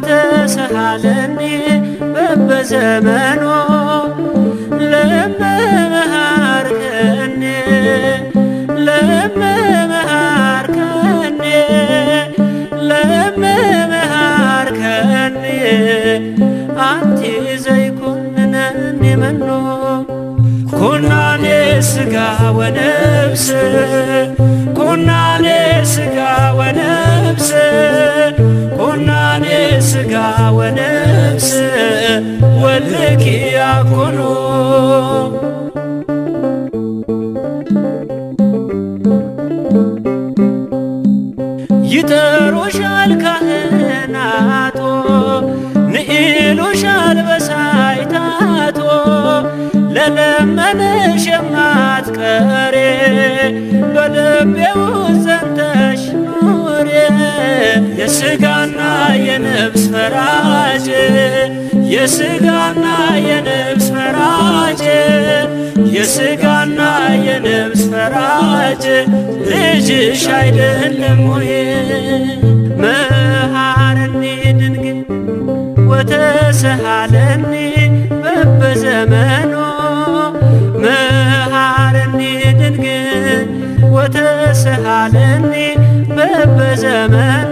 ወተሰሃለኒ በበዘመኖ ለመመሃርከኒ ለመመሃርከኒ ለመመሃርከኒ አንቲ ዘይኩንነኒ መኖ ኩናኔ ስጋ ወነብስ ሥጋ ወነፍስ ወልኪ ያኩኑ ፈራጅ የስጋና የነፍስ ፈራጅ የስጋና የነፍስ ፈራጅ ልጅሽ አይደለም ወይ? መሐረኒ ድንግል ወተሰሃለኒ በበዘመኑ መሐረኒ ድንግል ወተሰሃለኒ በበዘመኑ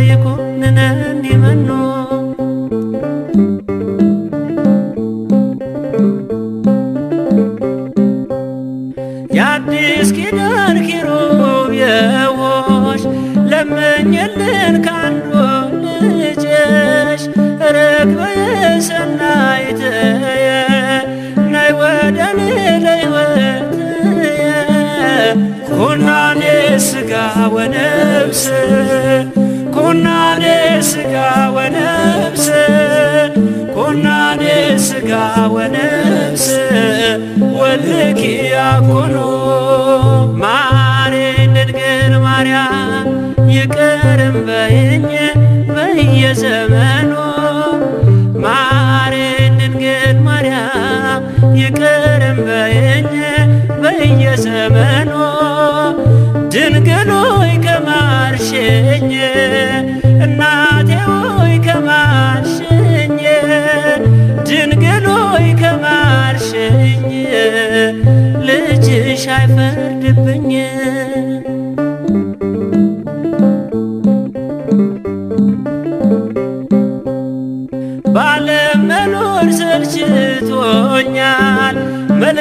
يكون نناني منه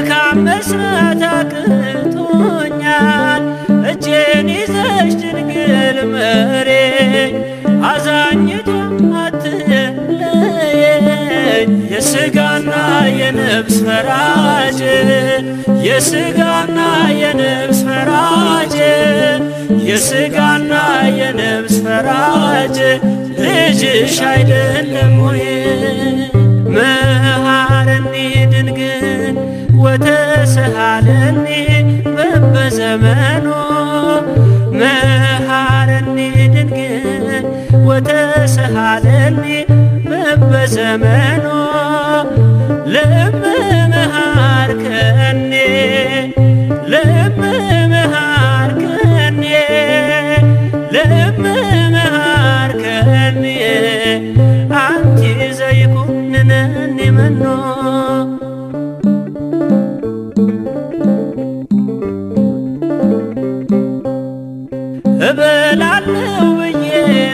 መልካም መስራት አቅቶኛል። እጄን ይዘሽ ድንግል መሬኝ አዛኝቱ አትለየኝ። የስጋና የነፍስ ፈራጅ የስጋና የነፍስ ፈራጅ የስጋና የነፍስ ፈራጅ ልጅሽ አይደለም ወይ መሃ ወተስሃለኒ በበዘመኑ መሃረኒ ድንግል ወተስሃለኒ በበዘመኑ ልብ መሃርከኒ ልብ መሃርከኒ ልብ መሃርከኒ አንቲ ዘይኩንነኒ መኖ እበላለው ብዬ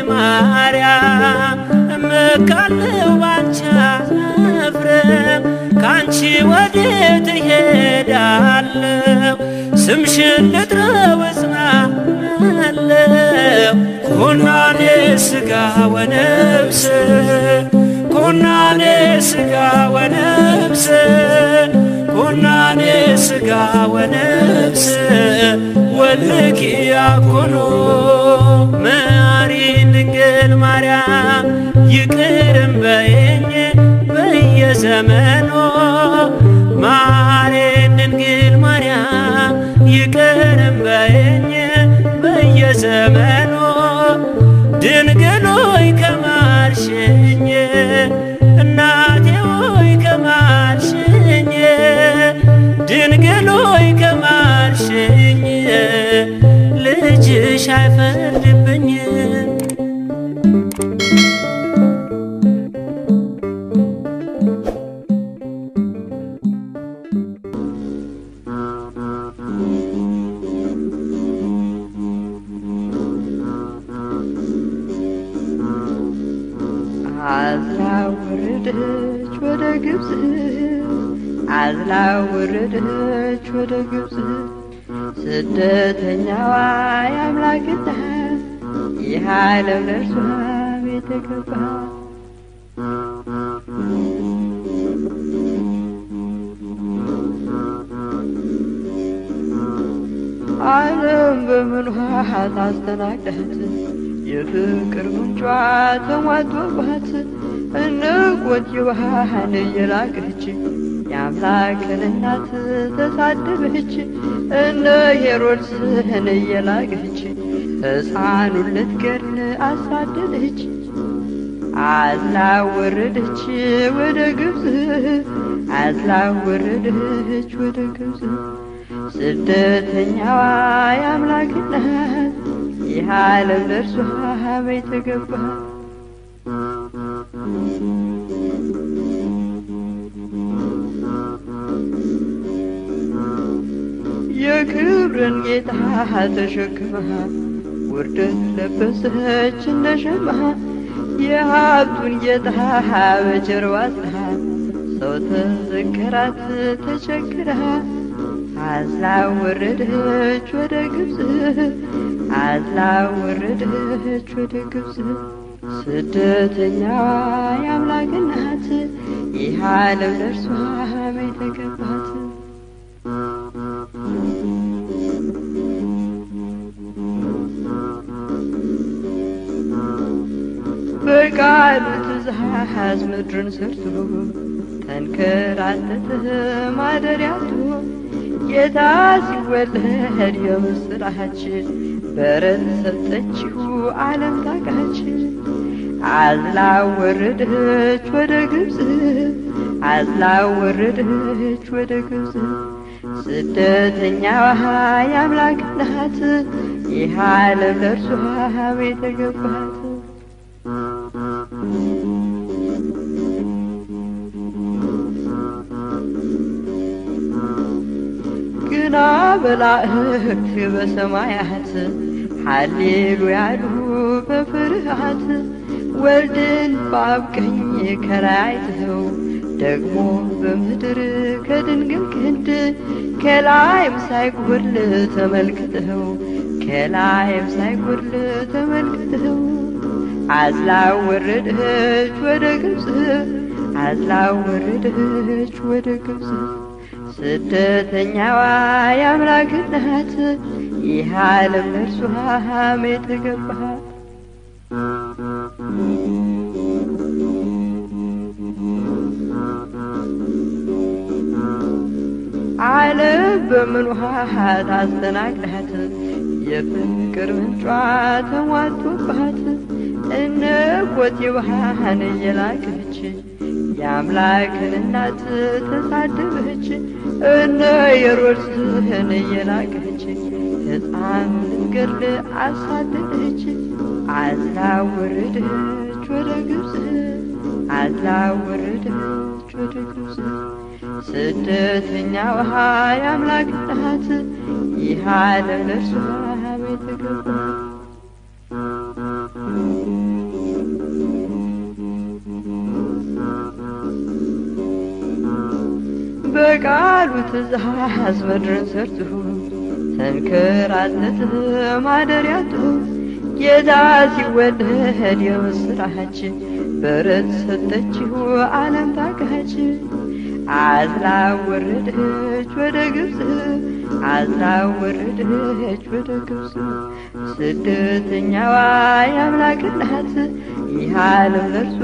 ማርያም እመካለው ባንቻ ፍረም ካንቺ ወዴት እሄዳለው ስምሽን ልጥረው እጽናናለው ኮናኔ ስጋ ወነብስ ኮናኔ ስጋ ወነብስ ሁናኔ ስጋ ወነፍስ መሪ ድንግል ማርያም ይቅርም በይኝ በየዘመኖ ማሬ ድንግል ማርያም ይቅርም በየዘመኖ ድንግል ዓለም በምን ውሃት አስተናጋት የፍቅር ምንጯ ተሟጦባት እንቆት የባህን እየላቀች የአምላክን እናት ተሳደበች እነ ሄሮድስን እየላቀች ሕፃኑን ልትገድል አሳደደች። አዝላ ወረደች ወደ ግብፅ አዝላ ወረደች ወደ ግብፅ ስደተኛዋ የአምላክነት ይህ ዓለም ደርሷ ቤት ገባ የክብርን ጌታ ተሸክማ ውርደት ለበሰች እንደ ሸማ የሀብቱን ጌታ በጀርባ ሰው ተዘከራት ተቸግራ አላወረደች ወደ ግብፅ አላወረደች ወደ ግብፅ ስደተኛዋ የአምላክ እናት ይህ ዓለም ደርሷ የተገባት በቃሉ ትእዛዝ ምድርን ሰርቶ ተንከራተተ ማደሪያቱ ጌታ ሲወለድ የምስራች በረን ሰጠችው ዓለም ታቃች። አዝላ ወረደች ወደ ግብፅ አዝላ ወረደች ወደ ግብፅ ስደተኛዋ የአምላክ ናት ይህ ዓለም ለእርሷ ቤተገባት እና በላእክ በሰማያት ሃሌሉያ ያሉ በፍርሃት ወልድን በአብ ቀኝ ከላይ አይተኸው ደግሞ በምድር ከድንግል ክንድ ከላይም ሳይጎድል ተመልክተኸው ከላይም ሳይጎድል ተመልክተኸው አዝላ ወረደች ወደ ግብፅ አዝላ ወረደች ወደ ግብፅ ስደተኛዋ የአምላክ ናት። ይህ ዓለም ለእርሷ ሀም ዓለም በምን ውሃ ታስተናግዳት? የፍቅር ምንጯ ተሟጦባት እነ ኮቴ ውሃን እየላቀች የአምላክን እናት ተሳደበች እነ የሮድስህን የላቀች ሕፃን ገድል አሳደደች አዝላ ወረደች ወደ ግብፅ አዝላ ወረደች ወደ ግብፅ ስደተኛ ውሃ የአምላክ ናት ይህ ዓለም ለእርሷ ቤት ገባት ቃሉ ትእዛዝ ምድርን ሰርቶ ተንከራተተ ማደሪያቱ ጌታ ሲወለድ የምስራች በረት ሰጠችው ዓለም ታካች አዝላ ወረደች ወደ ግብፅ አዝላ ወረደች ወደ ግብፅ ስደተኛዋ የአምላክ እናት ይህ ዓለም ለእርሷ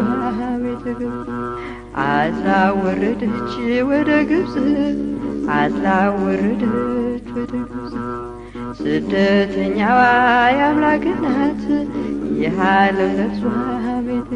ቤተ ግብፅ አላወረደች ወደ ግብፅ አላወረደች ወደ ግብፅ ስደተኛዋ የአምላክ ናት የዓለም ቤት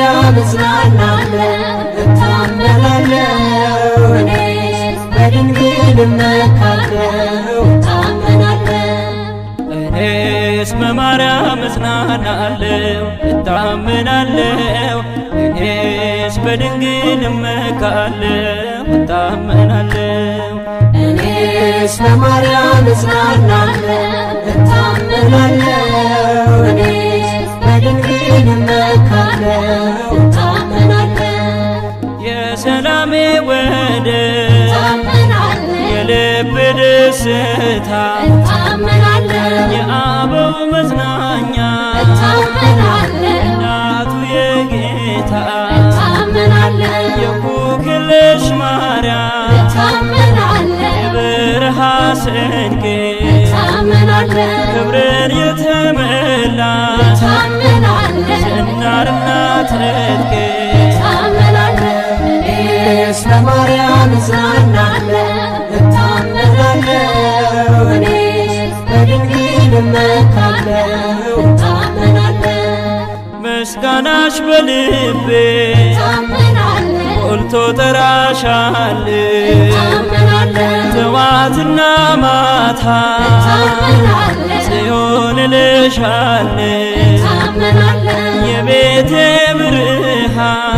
በዚያም እጽናናለሁ እታመናለሁ እኔስ በድንግል እመካለሁ እታመናለሁ እኔስ በማርያም እጽናናለሁ እታመናለሁ እኔስ በድንግል እመካለሁ እታመናለሁ እኔስ በማርያም እጽናናለሁ እታመናለሁ ደስታ የአበው መዝናኛ እናቱ የጌታ የኩክልሽ ማርያም የበረሃ ስንቄ ክብርን የተመላ ዝናርና ትጥቄ ስለማርያም ልቤ ሞልቶ ተራሻል ጠዋትና ማታ ጽዮን ልሻል የቤቴ ብርሃን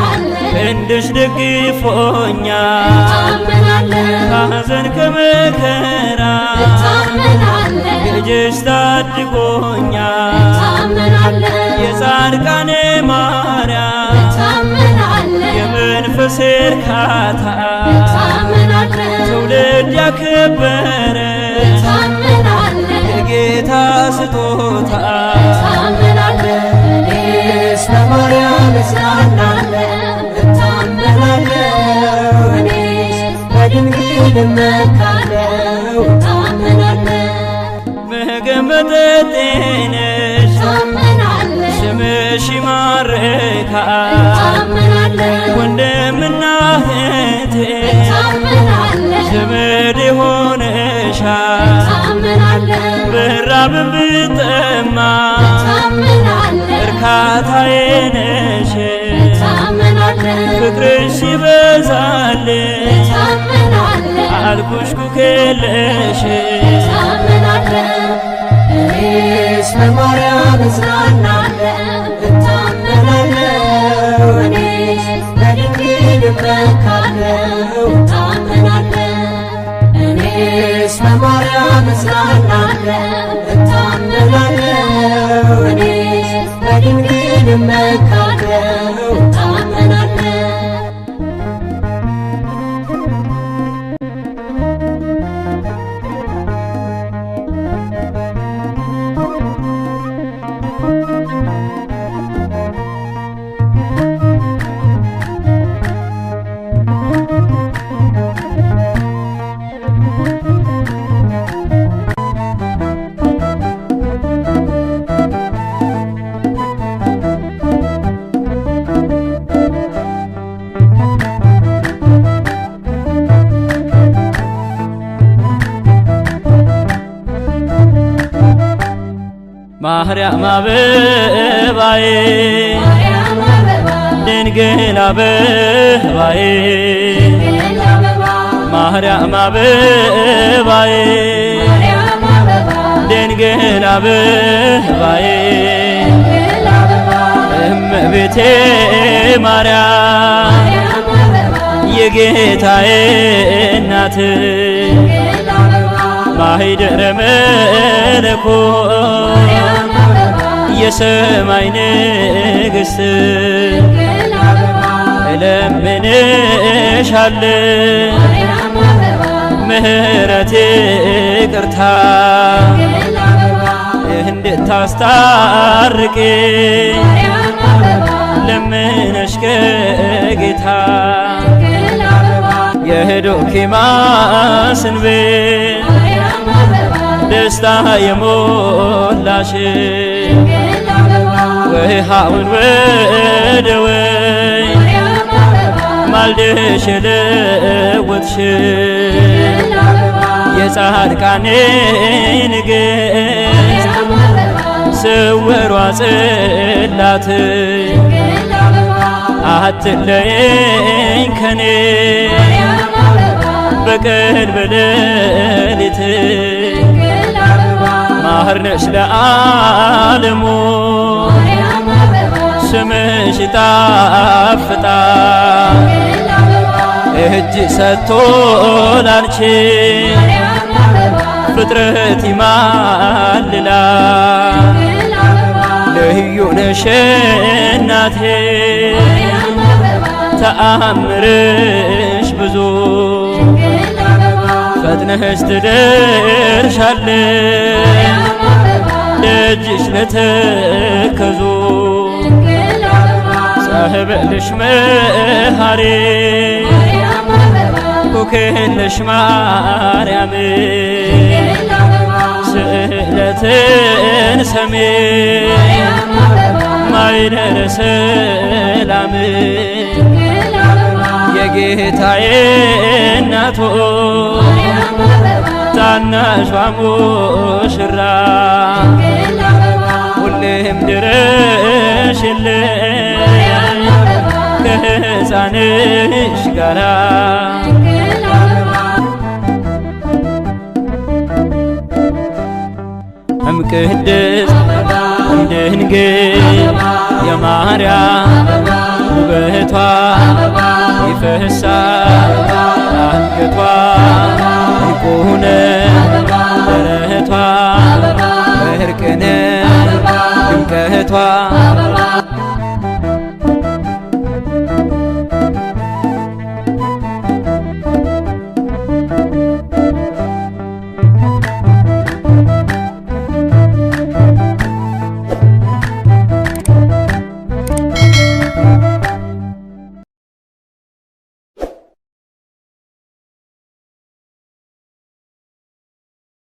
ክንድሽ ደግፎኛል ከሐዘን ከመከራ ልጅሽ ታድጎኛል የጻድቃኔ ማርያም የመንፈሴ እርካታ ትውልድ ያከበረ የጌታ ስጦታ ታምናለ ስለ በድንግል መካለው ታመናለሽ፣ መገንበጠ ጤንሽ ስምሽ ይማርካል ታመናለሽ፣ ወንድምና እህቴ ታመናለሽ፣ ዘመድ ሆነሻል ታመናለሽ፣ ብራብ ብጠማ ታመናለሽ፣ እርካታዬ ነሽ ታመናለሽ ፍቅርሽ ይበዛል አልኩሽ ኩክለሽ እኔስ በማርያም እጽናናለሁ እታመናለሁ እኔስ በድንግል እመካለሁ እታመናለሁ እኔስ በማርያም እጽናናለሁ እታመናለሁ እኔስ በድንግል እመካለሁ ድንግል አበባዬ ማርያም አበባዬ ድንግል አበባዬ እመቤቴ ማርያም የጌታዬ እናት ማሂደረ መለኮ የሰማይ ንግሥት እለምንሻለ ምሕረት ይቅርታ እንድታስታርቂ ለምነሽ ከጌታ የሄዶኪማስን ቤት ደስታ የሞላሽ ውሃውን ወደ ወይ ማልደሽ የለወጥሽ የጻድቃኔ ንግሥት ስውሯ ጽላት አትለይኝ ከኔ በቀን በሌሊት ባህር ነሽ ለዓለሙ ስምሽ ጣፍጣ እጅ ሰጥቶ ላንቺ ፍጥረት ይማልላ ልዩ ነሽ እናቴ ተአምርሽ ብዙ ነሽ ትደርሻለሽ ደጅሽ ለተከዙ ሳህበልሽ መሃሪ ኩክህነሽ ማርያም ስእለትን ሰሜ ማይደረ ሰላም የጌታዬ እናቱ ታናሿ ሙሽራ ሁሌም ድረሽልን ከሕፃንሽ ጋራ እምቅድስት እምድንግል የማርያም ውበቷ ይፈሳል አንገቷ ዕንቁ ሆነ ደረቷ እርቅነ ድምቀቷ